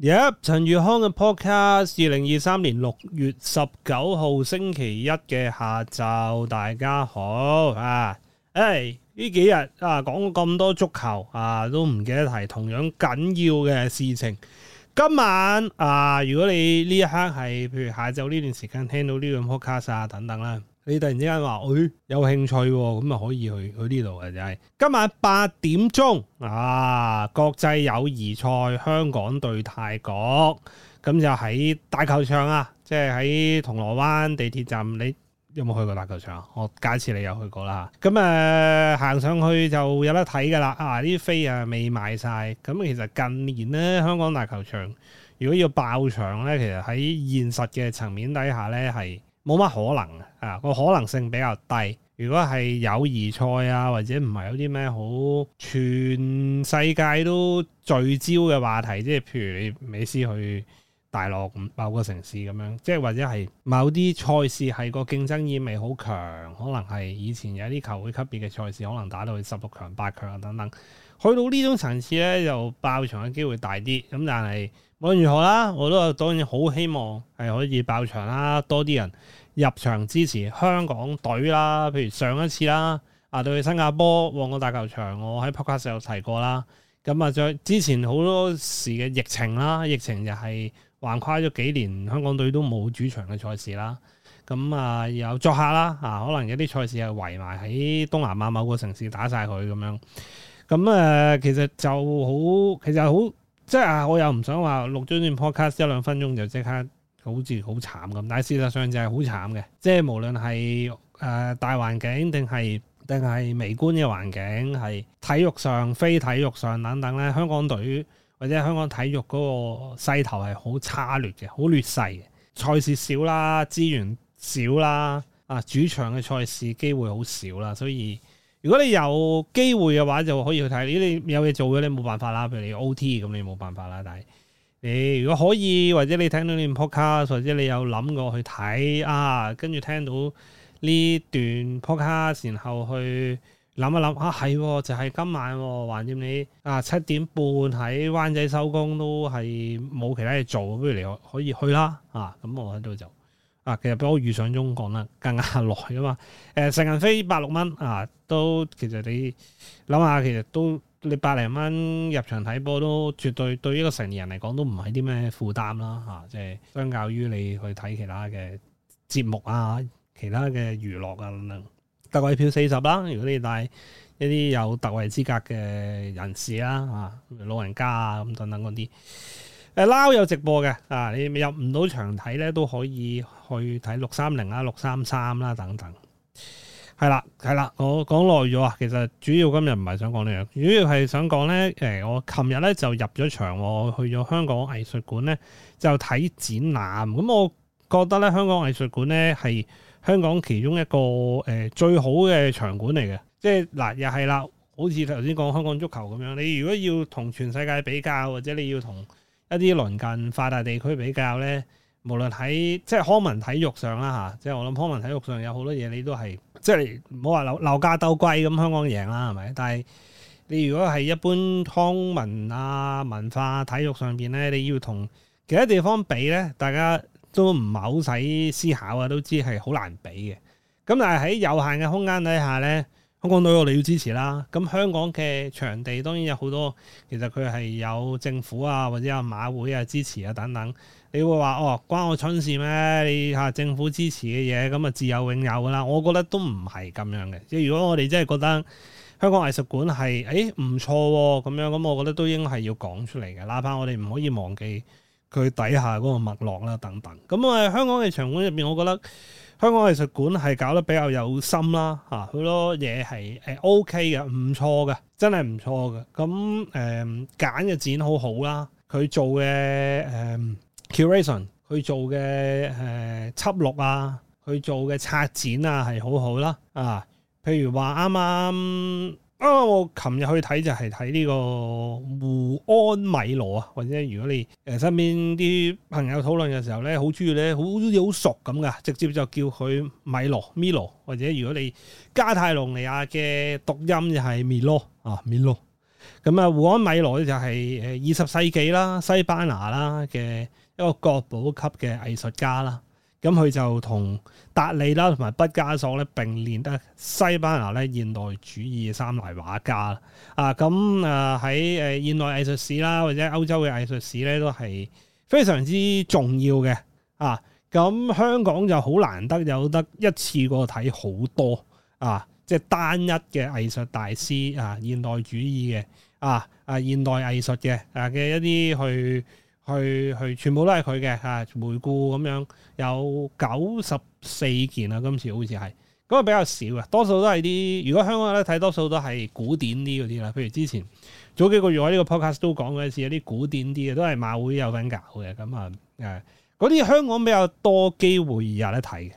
入陳宇康嘅 podcast，二零二三年六月十九號星期一嘅下晝，大家好啊！誒、哎，呢幾日啊，講咁多足球啊，都唔記得提同樣緊要嘅事情。今晚啊，如果你呢一刻係，譬如下晝呢段時間聽到呢個 podcast 啊，等等啦。你突然之間話，誒，有興趣喎，咁啊可以去去呢度嘅就係今晚八點鐘啊，國際友誼賽香港對泰國，咁就喺大球場啊，即係喺銅鑼灣地鐵站。你有冇去過大球場啊？我假設你有去過啦嚇，咁誒行上去就有得睇㗎喇。啊，啲飛啊未買晒。咁其實近年咧香港大球場如果要爆場咧，其實喺現實嘅層面底下咧係冇乜可能。啊，個可能性比較低。如果係友誼賽啊，或者唔係有啲咩好全世界都聚焦嘅話題，即係譬如你美斯去大陸某個城市咁樣，即係或者係某啲賽事係個競爭意味好強，可能係以前有啲球會級別嘅賽事，可能打到去十六強、八強等等。去到呢種層次咧，就爆場嘅機會大啲。咁、嗯、但係無論如何啦，我都當然好希望係可以爆場啦，多啲人。入場支持香港隊啦，譬如上一次啦，啊對新加坡旺角大球場，我喺 podcast 有提過啦。咁啊，再之前好多時嘅疫情啦，疫情就係橫跨咗幾年，香港隊都冇主場嘅賽事啦。咁啊，啊又有作客啦，啊可能有啲賽事係圍埋喺東南亞某個城市打晒佢咁樣。咁啊，其實就好，其實好即係啊，我又唔想話錄張片 podcast 一，Pod cast，一兩分鐘就即刻。好似好慘咁，但係事實上就係好慘嘅，即係無論係誒大環境定係定係微觀嘅環境，係體育上、非體育上等等咧，香港隊或者香港體育嗰個勢頭係好差劣嘅，好劣勢嘅。賽事少啦，資源少啦，啊主場嘅賽事機會好少啦，所以如果你有機會嘅話，就可以去睇。你你有嘢做嘅，你冇辦法啦，譬如你 OT 咁，你冇辦法啦，但係。你、哎、如果可以，或者你聽到呢段 podcast，或者你有諗過去睇啊，跟住聽到呢段 podcast，然後去諗一諗啊，係、啊、就係、是、今晚、啊，還掂你啊七點半喺灣仔收工都係冇其他嘢做，不如你可以去啦啊！咁、嗯、我喺度就啊，其實比我預想中講得，更加耐去啊嘛。誒、呃，成人飛八六蚊啊，都其實你諗下，其實都～你百零蚊入場睇波都絕對，對於一個成年人嚟講都唔係啲咩負擔啦吓，即、啊、係、就是、相較於你去睇其他嘅節目啊，其他嘅娛樂啊，等等，特惠票四十啦，如果你帶一啲有特惠資格嘅人士啦、啊、吓、啊，老人家啊咁等等嗰啲，誒、呃、撈有直播嘅啊，你入唔到場睇咧都可以去睇六三零啊、六三三啦等等。係啦，係啦，我講耐咗啊。其實主要今日唔係想講呢樣，主要係想講咧。誒，我琴日咧就入咗場，我去咗香港藝術館咧就睇展覽。咁我覺得咧，香港藝術館咧係香港其中一個誒最好嘅場館嚟嘅。即係嗱，又係啦，好似頭先講香港足球咁樣。你如果要同全世界比較，或者你要同一啲鄰近發達地區比較咧，無論喺即係康文體育上啦吓，即係我諗康文體育上有好多嘢你都係。即係好話樓樓價鬥貴咁香港贏啦，係咪？但係你如果係一般康文啊、文化、啊、體育上邊咧，你要同其他地方比咧，大家都唔係好使思考啊，都知係好難比嘅。咁但係喺有限嘅空間底下咧。香港島我哋要支持啦，咁香港嘅場地當然有好多，其實佢係有政府啊或者有馬會啊支持啊等等，你會話哦關我春事咩？你吓政府支持嘅嘢咁啊自有永有噶啦，我覺得都唔係咁樣嘅。即係如果我哋真係覺得香港藝術館係誒唔錯喎、啊、咁樣，咁我覺得都應該係要講出嚟嘅，哪怕我哋唔可以忘記佢底下嗰個脈絡啦等等。咁、嗯、啊香港嘅場館入邊，我覺得。香港藝術館係搞得比較有心啦，嚇好多嘢係誒 OK 嘅，唔錯嘅，真係唔錯嘅。咁誒，嗯、揀嘅展好好啦，佢做嘅誒、嗯、curation，佢做嘅誒輯錄啊，佢做嘅策展啊係好好啦，啊，譬如話啱啱。啊、哦！我琴日去睇就係睇呢個胡安米羅啊，或者如果你誒身邊啲朋友討論嘅時候咧，好中意咧，好似好熟咁㗎，直接就叫佢米羅，米羅，或者如果你加泰隆尼亞嘅讀音就係米羅啊，米羅。咁啊，胡安米羅咧就係誒二十世紀啦，西班牙啦嘅一個國寶級嘅藝術家啦。咁佢就同達利啦，同埋畢加索咧並列得西班牙咧現代主義三大畫家啊！咁啊喺誒現代藝術史啦，或者歐洲嘅藝術史咧，都係非常之重要嘅啊！咁香港就好難得有得一次過睇好多啊，即係單一嘅藝術大師啊，現代主義嘅啊啊現代藝術嘅啊嘅一啲去。去去全部都係佢嘅嚇，回顧咁樣有九十四件啦、啊，今次好似係嗰個比較少啊，多數都係啲如果香港人睇多數都係古典啲嗰啲啦，譬如之前早幾個月我呢個 podcast 都講嘅，似有啲古典啲嘅都係馬會有份搞嘅咁啊誒，嗰、嗯、啲香港比較多機會入得睇嘅，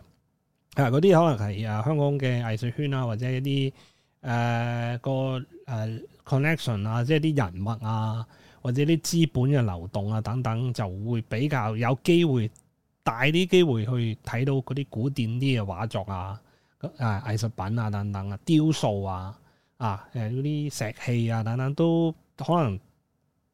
啊嗰啲可能係啊香港嘅藝術圈啊或者一啲誒、呃、個誒、呃、connection 啊，即係啲人物啊。或者啲資本嘅流動啊等等，就會比較有機會大啲機會去睇到嗰啲古典啲嘅畫作啊、啊藝術品啊等等啊、雕塑啊、啊誒嗰啲石器啊等等都可能。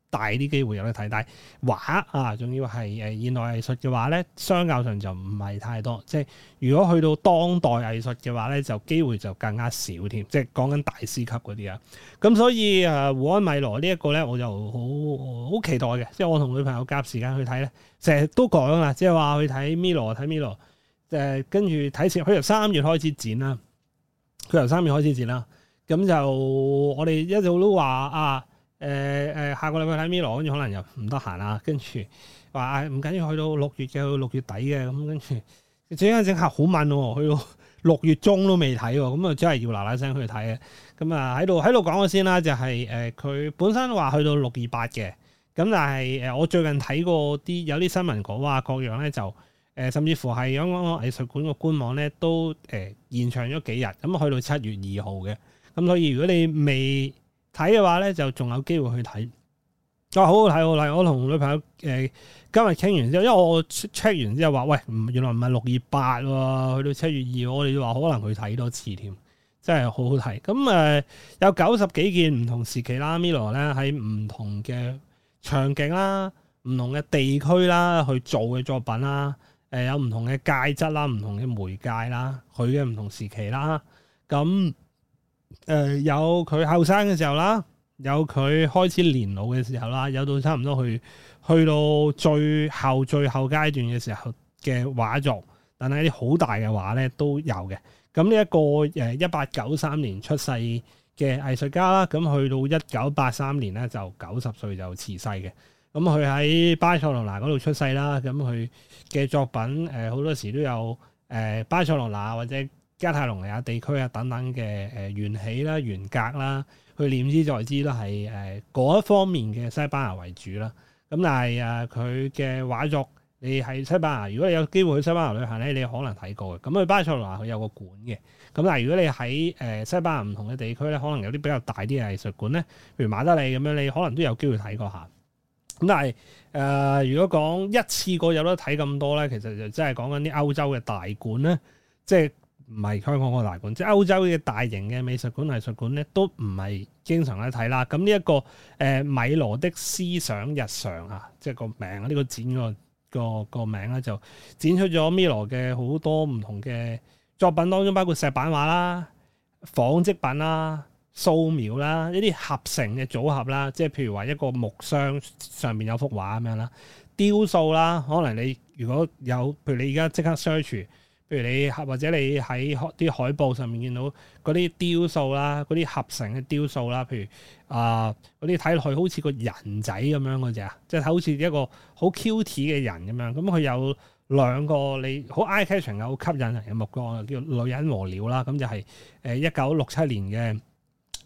大啲機會有得睇，但係畫啊，仲要係誒現代藝術嘅話咧，相較上就唔係太多。即係如果去到當代藝術嘅話咧，就機會就更加少添。即係講緊大師級嗰啲啊，咁所以誒、呃，胡安米羅呢一個咧，我就好好期待嘅。即係我同女朋友夾時間去睇咧，成日都講啦，即係話去睇米羅，睇米羅誒，跟住睇前佢由三月開始展啦，佢由三月開始展啦，咁就我哋一直都話啊。誒誒、呃，下個禮拜睇 m i，跟住可能又唔得閒啦。跟住話唔緊要，去到六月嘅，去六月底嘅，咁跟住，整一整客，好慢喎。去到六月、哦、月中都未睇喎、哦，咁、嗯、啊真係要嗱嗱聲去睇嘅。咁啊喺度喺度講咗先啦，就係誒佢本身話去到六二八嘅，咁、嗯、但係誒、呃、我最近睇過啲有啲新聞稿啊各樣咧，就誒、呃、甚至乎係香港藝術館個官網咧都誒延長咗幾日，咁、嗯、去到七月二號嘅。咁所以如果你未睇嘅話咧，就仲有機會去睇，再、啊、好好睇。好睇。我同女朋友誒、呃、今日傾完之後，因為我 check 完之後話，喂，原來唔係六月八喎、啊，去到七月二、啊，我哋就話可能去睇多次添，真係好好睇。咁、嗯、誒有九十幾件唔同時期啦，米羅咧喺唔同嘅場景啦、唔同嘅地區啦去做嘅作品啦，誒、呃、有唔同嘅介質啦、唔同嘅媒介啦，佢嘅唔同時期啦，咁、嗯。誒、呃，有佢後生嘅時候啦，有佢開始年老嘅時候啦，有到差唔多去去到最後最後階段嘅時候嘅畫作，但係啲好大嘅畫咧都有嘅。咁呢一個誒，一八九三年出世嘅藝術家啦，咁、嗯、去到一九八三年咧就九十歲就辭世嘅。咁佢喺巴塞羅那嗰度出世啦，咁佢嘅作品誒，好、呃、多時都有誒、呃、巴塞羅那或者。加泰隆尼亞地區啊，等等嘅誒原起啦、原格啦，去念之在之啦，係誒嗰一方面嘅西班牙為主啦。咁但係啊，佢嘅畫作，你喺西班牙，如果你有機會去西班牙旅行咧，你可能睇過嘅。咁去巴塞羅那佢有個館嘅。咁但係如果你喺誒西班牙唔同嘅地區咧，可能有啲比較大啲嘅藝術館咧，譬如馬德里咁樣，你可能都有機會睇過下。咁但係誒、呃，如果講一次過有得睇咁多咧，其實就真係講緊啲歐洲嘅大館咧，即係。唔係香港個大館，即係歐洲嘅大型嘅美術館、藝術館咧，都唔係經常去睇啦。咁呢一個誒、呃、米羅的思想日常啊，即係個名啊，呢、呢個展個個個名咧，就展出咗米羅嘅好多唔同嘅作品，當中包括石版畫啦、紡織品啦、素描啦、一啲合成嘅組合啦，即係譬如話一個木箱上面有幅畫咁樣啦、雕塑啦，可能你如果有譬如你而家即刻 search。譬如你或者你喺啲海報上面見到嗰啲雕塑啦，嗰啲合成嘅雕塑啦，譬如啊嗰啲睇落去好似個人仔咁樣嗰隻啊，即係好似一個好 q t 嘅人咁樣，咁佢有兩個你好 eye-catching 嘅好吸引人嘅目光啊，叫女人和鳥啦，咁就係誒一九六七年嘅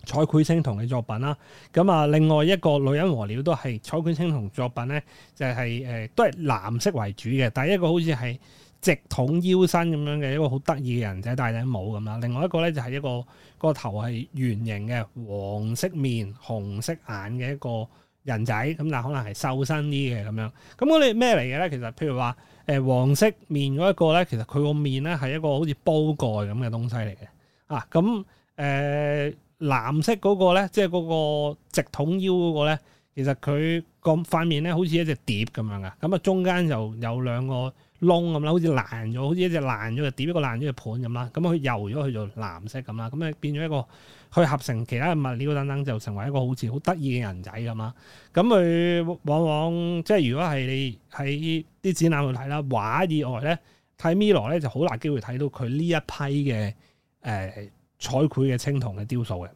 彩繪青銅嘅作品啦。咁啊，另外一個女人和鳥都係彩繪青銅作品咧，就係誒都係藍色為主嘅，但係一個好似係。直筒腰身咁樣嘅一個好得意嘅人仔，戴頂帽咁啦。另外一個咧就係一個個頭係圓形嘅黃色面、紅色眼嘅一個人仔咁，但可能係瘦身啲嘅咁樣。咁嗰啲咩嚟嘅咧？其實譬如話誒黃色面嗰一個咧，其實佢個面咧係一個好似煲蓋咁嘅東西嚟嘅啊。咁誒、呃、藍色嗰、那個咧，即係嗰個直筒腰嗰、那個咧，其實佢個塊面咧好似一隻碟咁樣嘅。咁啊，中間就有兩個窿咁啦，好似爛咗，好似一隻爛咗嘅碟、一個爛咗嘅盤咁啦，咁佢油咗去做藍色咁啦，咁咧變咗一個去合成其他嘅物料等等，就成為一個好似好得意嘅人仔咁啊！咁佢往往即係如果係你喺啲展覽度睇啦，畫以外咧，睇米羅咧就好難機會睇到佢呢一批嘅誒、呃、彩繪嘅青銅嘅雕塑嘅，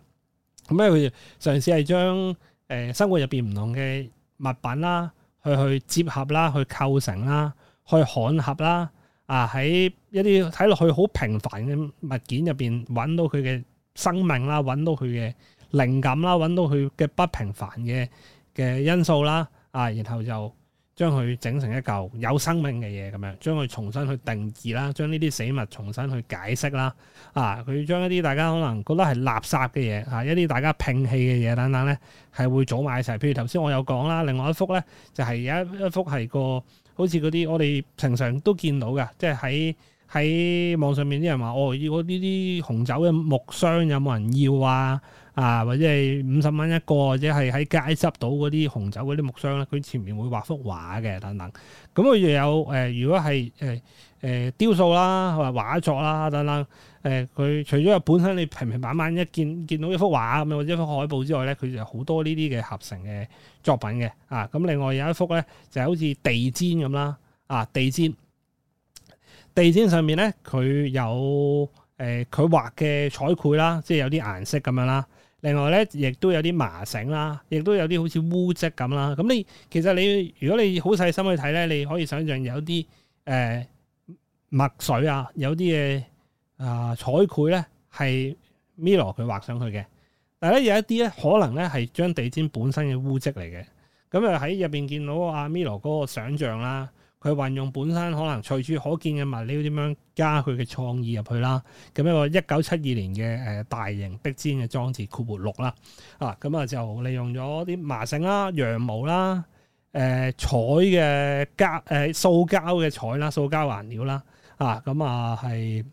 咁咧佢嘗試係將誒、呃、生活入邊唔同嘅物品啦，去去接合啦，去構成啦。去焊合啦，啊，喺一啲睇落去好平凡嘅物件入邊揾到佢嘅生命啦，揾到佢嘅靈感啦，揾到佢嘅不平凡嘅嘅因素啦，啊，然後就將佢整成一嚿有生命嘅嘢咁樣，將佢重新去定義啦，將呢啲死物重新去解釋啦，啊，佢將一啲大家可能覺得係垃圾嘅嘢嚇，一啲大家摒棄嘅嘢等等咧，係會組埋一齊。譬如頭先我有講啦，另外一幅咧就係、是、有一一幅係個。好似嗰啲我哋平常都見到嘅，即係喺喺網上面啲人話哦，如果呢啲紅酒嘅木箱有冇人要啊？啊，或者係五十蚊一個，或者係喺街執到嗰啲紅酒嗰啲木箱咧，佢前面會畫幅畫嘅等等。咁佢又有誒、呃，如果係誒誒雕塑啦，或畫作啦等等。誒佢、呃、除咗有本身你平平板板一見見到一幅畫啊，或者一幅海報之外咧，佢就好多呢啲嘅合成嘅作品嘅啊。咁另外有一幅咧，就好似地氈咁啦，啊地氈，地氈上面咧佢有誒佢、呃、畫嘅彩繪啦，即係有啲顏色咁樣啦。另外咧，亦都有啲麻繩啦，亦都有啲好似污漬咁啦。咁、啊、你、嗯、其實你如果你好細心去睇咧，你可以想象有啲誒、呃、墨水啊，有啲嘅。啊！彩繪咧係 Milo 佢畫上去嘅，但係咧有一啲咧可能咧係將地氈本身嘅污跡嚟嘅，咁啊喺入邊見到阿、啊、Milo 嗰個想像啦，佢運用本身可能隨處可見嘅物料點樣加佢嘅創意入去啦，咁一個一九七二年嘅誒、呃、大型壁氈嘅裝置《庫布六》啦，啊咁啊就利用咗啲麻繩啦、羊毛啦、誒、呃、彩嘅膠誒塑膠嘅彩啦、塑膠顏料啦，啊咁啊係。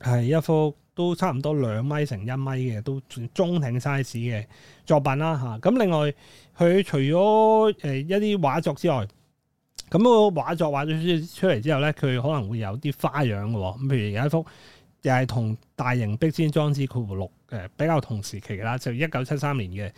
係一幅都差唔多兩米乘一米嘅，都中挺 size 嘅作品啦嚇。咁另外佢除咗誒一啲畫作之外，咁個畫作畫咗出嚟之後咧，佢可能會有啲花樣嘅。咁譬如有一幅又係同大型壁紙裝置《括弧六》誒比較同時期嘅啦，就一九七三年嘅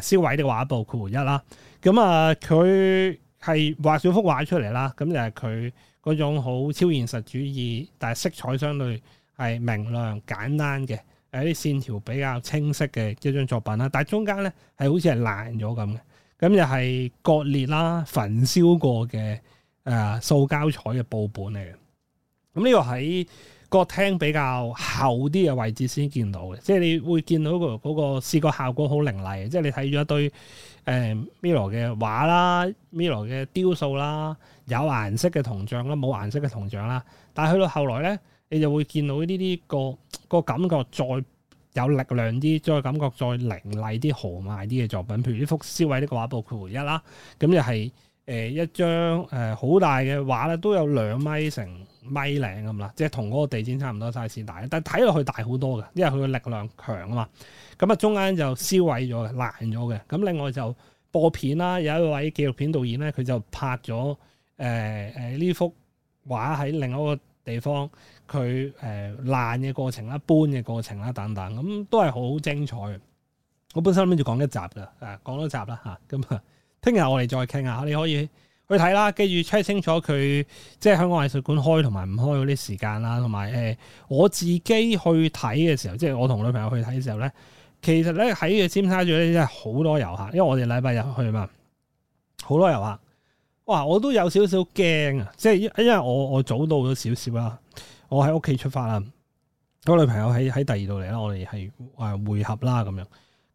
誒燒毀的畫布《括弧一》啦。咁啊，佢係畫少幅畫出嚟啦。咁就係佢嗰種好超現實主義，但係色彩相對。係明亮簡單嘅，誒啲線條比較清晰嘅一張作品啦。但係中間咧係好似係爛咗咁嘅，咁又係割裂啦、焚燒過嘅誒、呃、塑膠彩嘅布本嚟嘅。咁、嗯、呢、這個喺個廳比較厚啲嘅位置先見到嘅，即係你會見到個嗰個視覺效果好凌厲。即係你睇咗一堆誒米羅嘅畫啦、米羅嘅雕塑啦、有顏色嘅銅像啦、冇顏色嘅銅像啦。但係去到後來咧。你就會見到呢啲個個感覺再有力量啲，再感覺再凌厲啲、豪邁啲嘅作品。譬如呢幅燒毀呢個畫布《葵、啊呃、一》啦、呃，咁又係誒一張誒好大嘅畫啦，都有兩米成米零咁啦，即係同嗰個地氈差唔多 size 大，但係睇落去大好多嘅，因為佢嘅力量強啊嘛。咁啊，中間就燒毀咗嘅爛咗嘅。咁、啊、另外就播片啦，有一位紀錄片導演咧，佢就拍咗誒誒呢幅畫喺另一個地方。佢誒、呃、爛嘅過程啦，搬嘅過程啦，等等，咁、嗯、都係好精彩嘅。我本身諗住講一集嘅，誒、啊、講多集啦嚇。咁聽日我哋再傾下，你可以去睇啦，記住 check 清楚佢即係香港藝術館開同埋唔開嗰啲時間啦，同埋誒我自己去睇嘅時候，即係我同女朋友去睇嘅時候咧，其實咧喺呢個尖沙咀咧真係好多遊客，因為我哋禮拜日去嘛，好多遊客。哇！我都有少少驚啊，即係因為我我早到咗少少啦。我喺屋企出發啦，我女朋友喺喺第二度嚟啦，我哋係啊會合啦咁樣。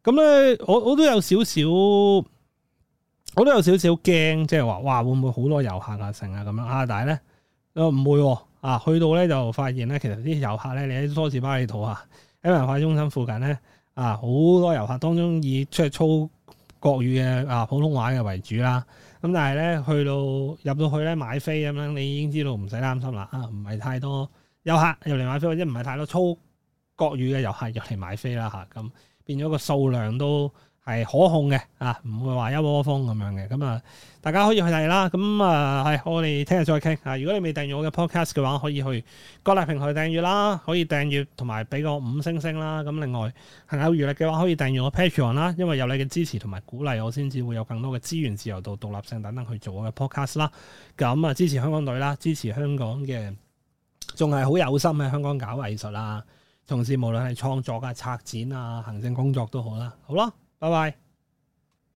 咁咧，我我都有少少，我都有少少驚，即係話哇會唔會好多遊客啊成啊咁樣啊？但係咧，又唔會啊！去到咧就發現咧，其實啲遊客咧你喺梳士巴利道啊，喺文化中心附近咧啊，好多遊客當中以出係操國語嘅啊普通話嘅為主啦。咁但係咧去到入到去咧買飛咁樣，你已經知道唔使擔心啦啊，唔係太多。遊客入嚟買飛，即係唔係太多粗國語嘅遊客入嚟買飛啦嚇，咁變咗個數量都係可控嘅啊，唔會話一窩蜂咁樣嘅。咁啊，大家可以去睇啦。咁啊，係我哋聽日再傾啊。如果你未訂閱我嘅 podcast 嘅話，可以去各大平台訂閱啦，可以訂閱同埋俾個五星星啦。咁另外行有餘力嘅話，可以訂閱我 Patreon 啦。因為有你嘅支持同埋鼓勵，我先至會有更多嘅資源自由度、獨立性等等去做我嘅 podcast 啦。咁啊，支持香港隊啦，支持香港嘅。仲係好有心喺香港搞藝術啊！同時，無論係創作啊、策展啊、行政工作都好啦，好咯，拜拜。